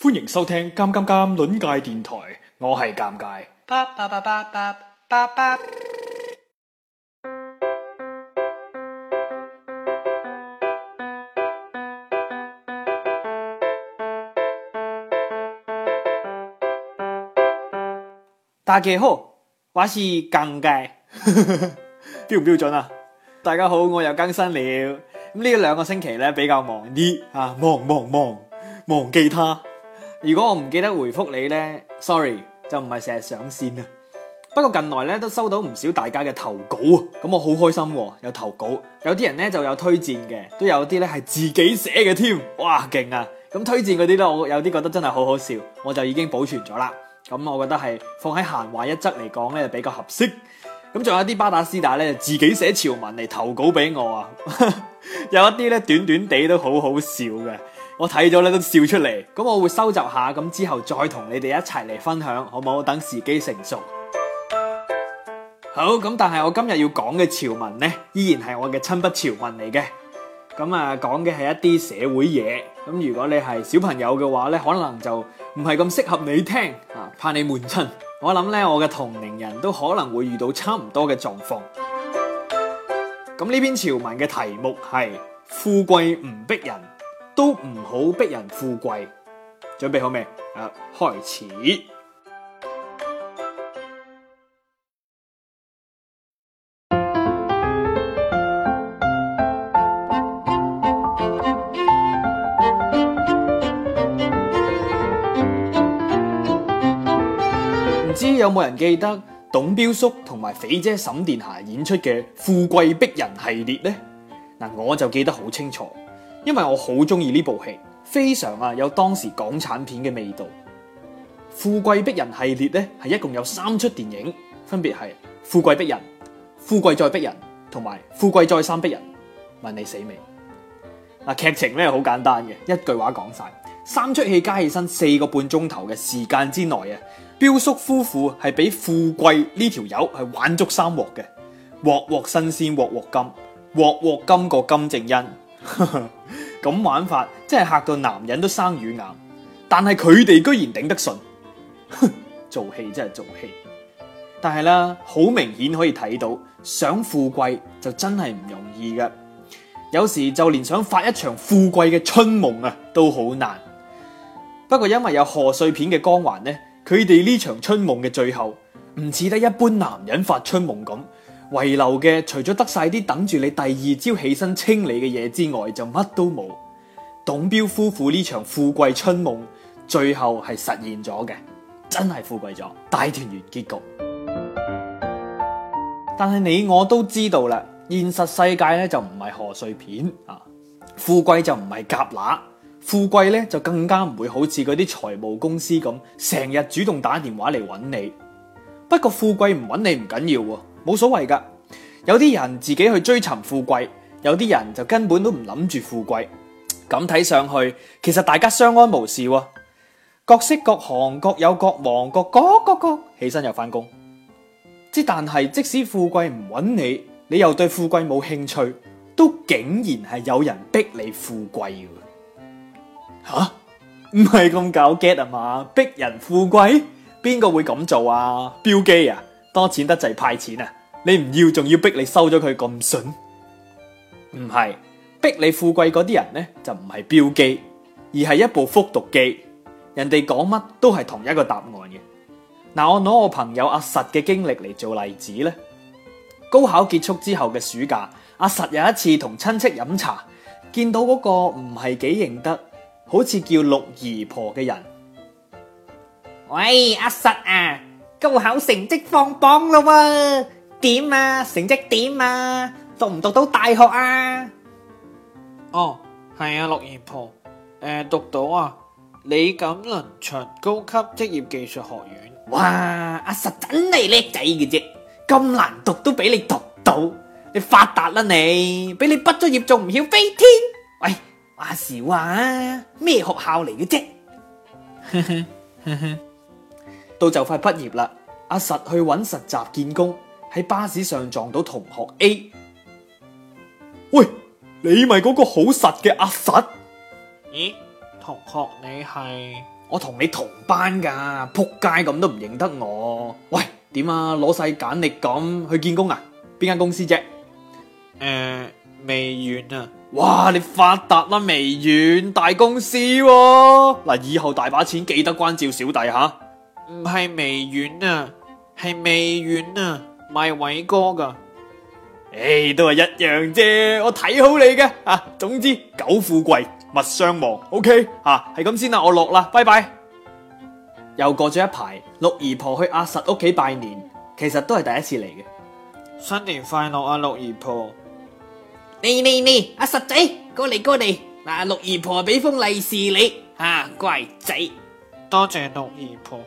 歡迎收聽《尷尷尷》尷尬電台，我係尷尬。大家好，我是尷尬，標唔標準啊？大家好，我又更新了。咁呢兩個星期咧，比較忙啲，忙忙忙，忘記他。如果我唔記得回覆你呢 sorry 就唔係成日上線啊。 不過近來咧都收到唔少大家嘅投稿啊，咁我好開心、哦、有投稿。有啲人咧就有推薦嘅，都有啲咧係自己寫嘅添，哇勁啊！咁推薦嗰啲咧，我有啲覺得真係好好笑，我就已經保存咗啦。咁我覺得係放喺閒話一則嚟講咧比較合適。咁仲有啲巴打斯打咧自己寫潮文嚟投稿俾我啊， 有一啲咧短短地都好好笑嘅。我睇咗咧都笑出嚟，咁我會收集下，咁之後再同你哋一齊嚟分享，好唔好？等時機成熟。好，咁但係我今日要講嘅潮文咧，依然係我嘅親筆潮文嚟嘅，咁啊講嘅係一啲社會嘢，咁如果你係小朋友嘅話咧，可能就唔係咁適合你聽，吓怕你悶親。我諗咧，我嘅同齡人都可能會遇到差唔多嘅狀況。咁呢篇潮文嘅題目係富貴唔逼人，都唔好逼人富貴，準備好未？啊，開始！唔 知有冇人記得董彪叔同埋肥姐沈殿霞演出嘅《富貴逼人》系列呢？嗱，我就記得好清楚。因為我好中意呢部戲，非常啊，有當時港產片嘅味道。富貴逼人系列咧，係一共有三出電影，分別係《富貴逼人》、《富貴再逼人》同埋《富貴再三逼人》。問你死未？嗱，劇情咧好簡單嘅，一句話講晒。三出戲加起身四個半鐘頭嘅時間之內啊，彪叔夫婦係俾富貴呢條友係玩足三鑊嘅，鑊鑊新鮮，鑊鑊金，鑊鑊金過金正恩。咁玩法真係嚇到男人都生乳癌，但係佢哋居然頂得順，哼， 做戲真係做戲。但係啦，好明顯可以睇到，想富貴就真係唔容易㗎。有時就連想發一場富貴嘅春夢啊，都好難。不過因為有賀歲片嘅光環呢，佢哋呢場春夢嘅最後，唔似得一般男人發春夢咁。遺留嘅除咗得晒啲等住你第二朝起身清理嘅嘢之外，就乜都冇。董彪夫婦呢場富貴春夢，最後係實現咗嘅，真係富貴咗，大團圓結局。但係你我都知道啦，現實世界咧就唔係賀歲片啊，富貴就唔係夾乸，富貴咧就更加唔會好似嗰啲財務公司咁，成日主動打電話嚟揾你。不過富貴唔揾你唔緊要喎。冇所謂噶，有啲人自己去追尋富貴，有啲人就根本都唔諗住富貴。咁睇上去，其實大家相安無事喎、啊。各式各行各有各忙，各各各各，各起身又翻工。即但係即使富貴唔揾你，你又對富貴冇興趣，都竟然係有人逼你富貴嘅。吓，唔係咁搞 get 啊嘛？逼人富貴，邊個會咁做啊？標機啊，多錢得滯派錢啊！你唔要，仲要逼你收咗佢咁筍，唔係逼你富貴嗰啲人呢，就唔係標記，而係一部複讀機。人哋講乜都係同一個答案嘅。嗱，我攞我朋友阿實嘅經歷嚟做例子呢。高考結束之後嘅暑假，阿實有一次同親戚飲茶，見到嗰個唔係幾認得，好似叫六姨婆嘅人。喂，阿實啊，高考成績放榜喇喎。點啊？成績點啊？讀唔讀到大學啊？哦，係啊，六姨婆誒，讀到啊。你咁能長高級職業技術學院，哇！阿實真係叻仔嘅啫，咁難讀都俾你讀到，你發達啦你，俾你畢咗業仲唔曉飛天？喂，話時話啊，咩學校嚟嘅啫？到就快畢業啦，阿實去搵實習見工。喺巴士上撞到同學 A。喂，你咪嗰個好實嘅阿實？咦、欸，同學你，你係我同你同班㗎，撲街咁都唔認得我。喂，點啊？攞晒簡歷咁去見工啊？邊間公司啫？誒，微軟啊！呃、啊哇，你發達啦，微軟大公司喎。嗱，以後大把錢記得關照小弟嚇。唔係微軟啊，係微軟啊。咪偉哥噶，誒，都係一樣啫。我睇好你嘅啊。總之，苟富貴勿相忘。OK，啊係咁先啦。我落啦，拜拜。又過咗一排，六姨婆去阿實屋企拜年，其實都係第一次嚟嘅。新年快樂啊，六姨婆！你你你，阿實仔過嚟過嚟，嗱，六姨婆俾封利是你啊，乖仔。多謝六姨婆。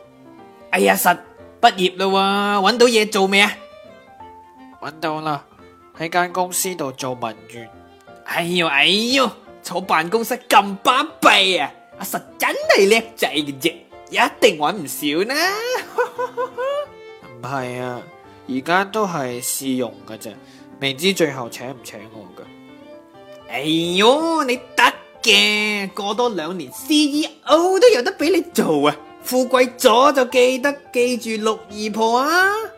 哎呀，實畢業啦，揾到嘢做未啊？搵到啦，喺間公司度做文員。哎喲哎喲，坐辦公室咁巴閉啊！阿、啊、實真係叻仔嘅啫，一定搵唔少啦。唔係啊，而家都係試用嘅啫，未知最後請唔請我噶。哎喲，你得嘅，過多兩年 CEO 都有得俾你做啊！富貴咗就記得記住六姨婆啊！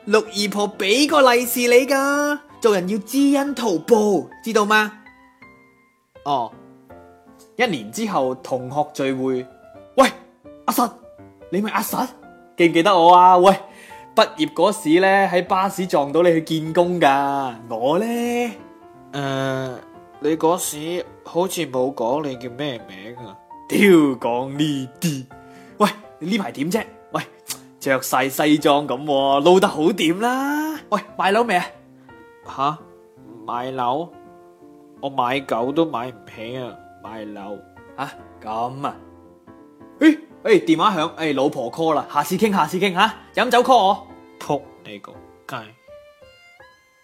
六姨婆俾個利是你噶，做人要知恩圖報，知道嗎？哦，一年之後同學聚會，喂，阿實，你咪阿實，記唔記得我啊？喂，畢業嗰時咧喺巴士撞到你去見工噶，我咧，誒、呃，你嗰時好似冇講你叫咩名啊？屌，講呢啲，喂，你呢排點啫？着晒西裝咁，撈得好掂啦！喂，買樓未啊？吓，買樓？我買狗都買唔平啊！買樓啊？咁啊？誒誒，電話響，誒、欸、老婆 call 啦，下次傾，下次傾吓，飲酒 call 我，扑你個街！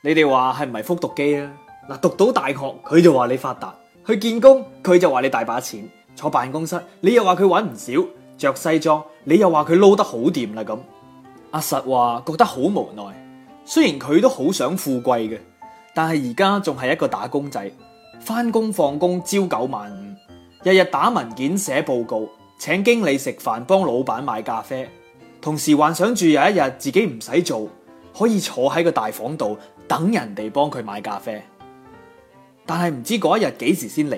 你哋話係唔係複讀機啊？嗱，讀到大學佢就話你發達，去建工佢就話你大把錢，坐辦公室你又話佢揾唔少。着西裝，你又話佢撈得好掂啦咁。阿實話覺得好無奈，雖然佢都好想富貴嘅，但係而家仲係一個打工仔，翻工放工朝九晚五，日日打文件寫報告，請經理食飯，幫老闆買咖啡，同時幻想住有一日自己唔使做，可以坐喺個大房度等人哋幫佢買咖啡，但係唔知嗰一日幾時先嚟。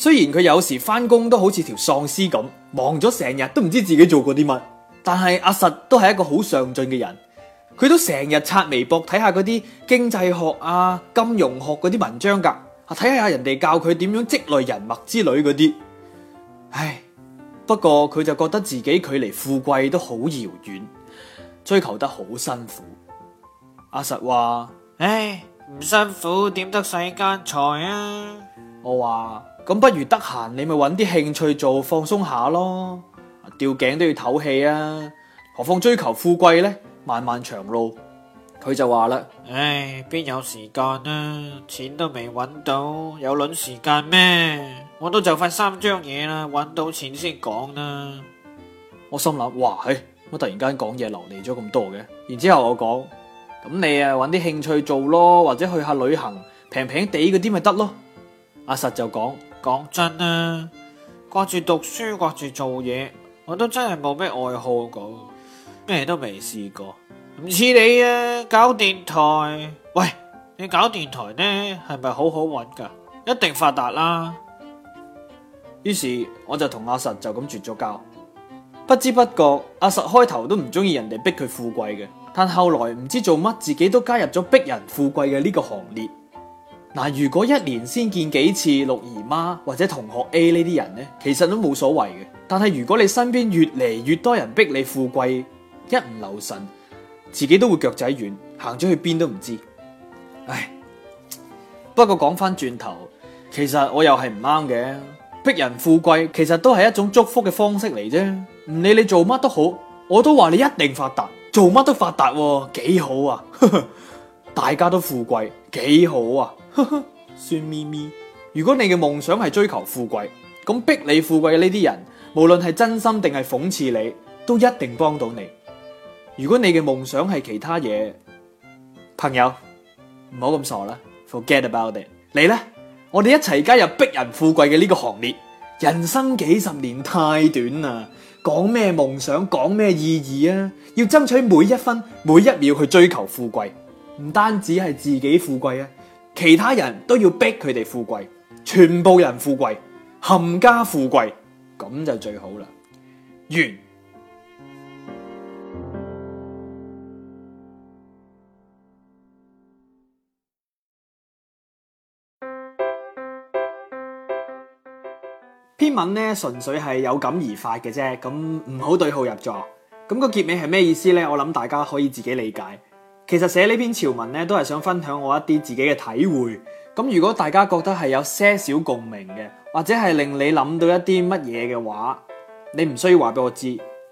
雖然佢有時翻工，都好似條喪屍咁，忙咗成日都唔知自己做過啲乜，但係阿實都係一個好上進嘅人，佢都成日刷微博睇下嗰啲經濟學啊、金融學嗰啲文章㗎，睇下人哋教佢點樣積累人脈之類嗰啲。唉，不過佢就覺得自己距離富貴都好遙遠，追求得好辛苦。阿實話：，唉、哎，唔辛苦點得世間財啊！我話。咁不如得閒，你咪揾啲興趣做放鬆下咯。吊頸都要透氣啊，何況追求富貴呢？漫漫長路。佢就話啦：，唉、哎，邊有時間啊？錢都未揾到，有捻時間咩？我都就快三張嘢啦，揾到錢先講啦。我心諗：，哇，嘿、哎，我突然間講嘢流利咗咁多嘅。然之後我講：，咁你啊揾啲興趣做咯，或者去下旅行，平平地嗰啲咪得咯。阿實就講。講真啊，掛住讀書，掛住做嘢，我都真係冇咩愛好講，咩都未試過，唔似你啊，搞電台。喂，你搞電台呢，係咪好好揾噶？一定發達啦。於是我就同阿實就咁絕咗交。不知不覺，阿實開頭都唔中意人哋逼佢富貴嘅，但後來唔知做乜，自己都加入咗逼人富貴嘅呢個行列。嗱，如果一年先見幾次六姨媽或者同學 A 呢啲人呢，其實都冇所謂嘅。但係如果你身邊越嚟越多人逼你富貴，一唔留神，自己都會腳仔軟，行咗去邊都唔知。唉，不過講翻轉頭，其實我又係唔啱嘅。逼人富貴其實都係一種祝福嘅方式嚟啫。唔理你做乜都好，我都話你一定發達，做乜都發達喎，啊，幾好啊呵呵！大家都富貴，幾好啊！ 算咪咪，如果你嘅夢想係追求富貴，咁逼你富貴嘅呢啲人，無論係真心定係諷刺你，都一定幫到你。如果你嘅夢想係其他嘢，朋友，唔好咁傻啦，Forget about it。你呢？我哋一齊加入逼人富貴嘅呢個行列。人生幾十年太短啦，講咩夢想，講咩意義啊？要爭取每一分每一秒去追求富貴，唔單止係自己富貴啊！其他人都要逼佢哋富貴，全部人富貴，冚家富貴，咁就最好啦。完。篇文呢，純粹係有感而發嘅啫，咁唔好對號入座。咁個結尾係咩意思呢？我諗大家可以自己理解。其實寫呢篇潮文咧，都係想分享我一啲自己嘅體會。咁如果大家覺得係有些少共鳴嘅，或者係令你諗到一啲乜嘢嘅話，你唔需要話俾我知，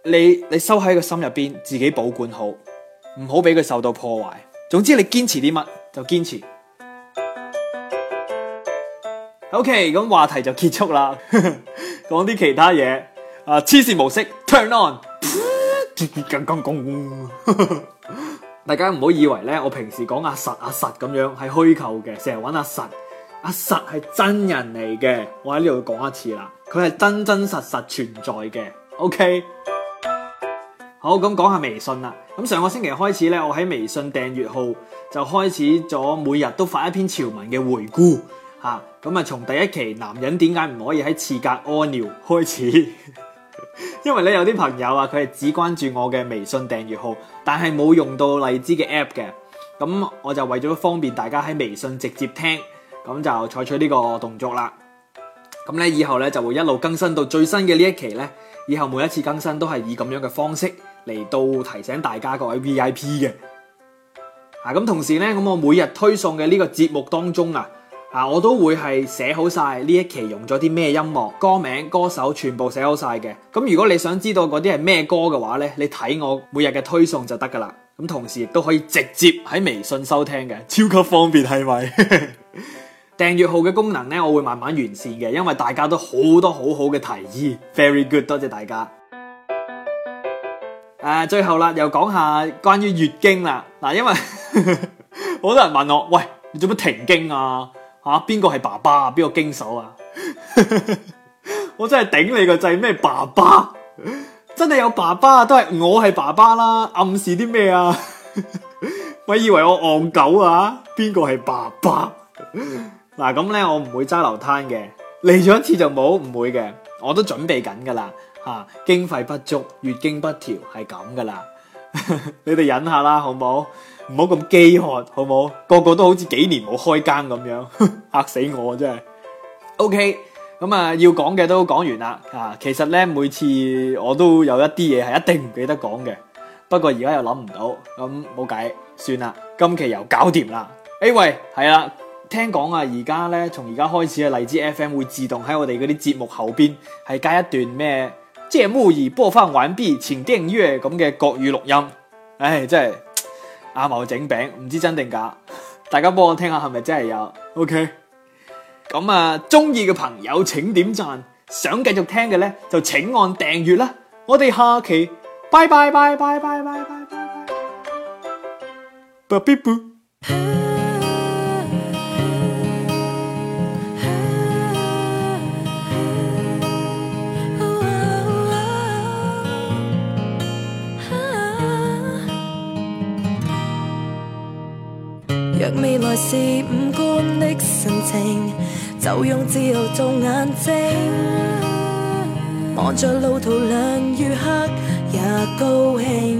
你你收喺個心入邊，自己保管好，唔好俾佢受到破壞。總之你堅持啲乜就堅持。OK，咁話題就結束啦。講 啲其他嘢，啊，黐線模式，turn on。 大家唔好以為咧，我平時講阿實阿實咁樣係虛構嘅，成日玩阿實阿實係真人嚟嘅，我喺呢度講一次啦，佢係真真實實存在嘅。OK，好，咁講下微信啦。咁上個星期開始咧，我喺微信訂閱號就開始咗每日都發一篇潮文嘅回顧吓，咁啊從第一期男人點解唔可以喺厠格屙尿開始。 因為咧，有啲朋友啊，佢係只關注我嘅微信訂閱號，但係冇用到荔枝嘅 App 嘅，咁我就為咗方便大家喺微信直接聽，咁就採取呢個動作啦。咁咧以後咧就會一路更新到最新嘅呢一期咧，以後每一次更新都係以咁樣嘅方式嚟到，提醒大家各位 VIP 嘅。啊，咁同時咧，咁我每日推送嘅呢個節目當中啊。啊！我都會係寫好晒呢一期用咗啲咩音樂歌名歌手，全部寫好晒嘅。咁如果你想知道嗰啲係咩歌嘅話呢，你睇我每日嘅推送就得噶啦。咁同時亦都可以直接喺微信收聽嘅，超級方便係咪？訂閱 號嘅功能呢，我會慢慢完善嘅，因為大家都好多好好嘅提議。Very good，多謝大家。誒，啊，最後啦，又講下關於月經啦。嗱，因為好 多人問我，喂，你做乜停經啊？啊！邊個係爸爸，啊？邊個經手啊？ 我真係頂你個掣咩？爸爸 真係有爸爸，啊，都係我係爸爸啦，啊！暗示啲咩啊？ 我以為我戇狗啊？邊個係爸爸？嗱咁咧，我唔會揸流攤嘅，嚟咗一次就冇，唔會嘅，我都準備緊噶啦吓，經費不足，月經不調係咁噶啦， 你哋忍下啦，好冇？唔好咁飢渴，好唔好？個個都好似幾年冇開更咁樣，吓死我真係。OK，咁、嗯、啊，要講嘅都講完啦。啊，其實咧，每次我都有一啲嘢係一定唔記得講嘅，不過而家又諗唔到，咁冇計，算啦，今期又搞掂啦。誒，喂，係啦，聽講啊，而家咧，從而家開始嘅荔枝 FM 會自動喺我哋嗰啲節目後邊係加一段咩？即節目已播放完畢，請訂閱咁嘅國語錄音。唉、哎，真係。阿茂、啊、整餅，唔知真定假，大家幫我聽下係咪真係有？OK，咁、嗯、啊，中意嘅朋友請點讚，想繼續聽嘅咧就請按訂閱啦。我哋下期，拜拜拜拜拜拜拜拜。若未來是五官的神情，就用自由做眼睛，望着路途亮與黑也高興。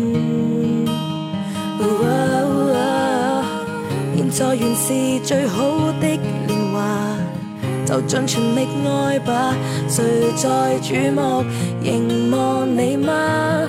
現、哦、在、啊哦啊、原是最好的年華，就盡全力愛吧。誰在注目凝望你嗎？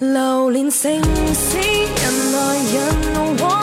流連城市，人來人往。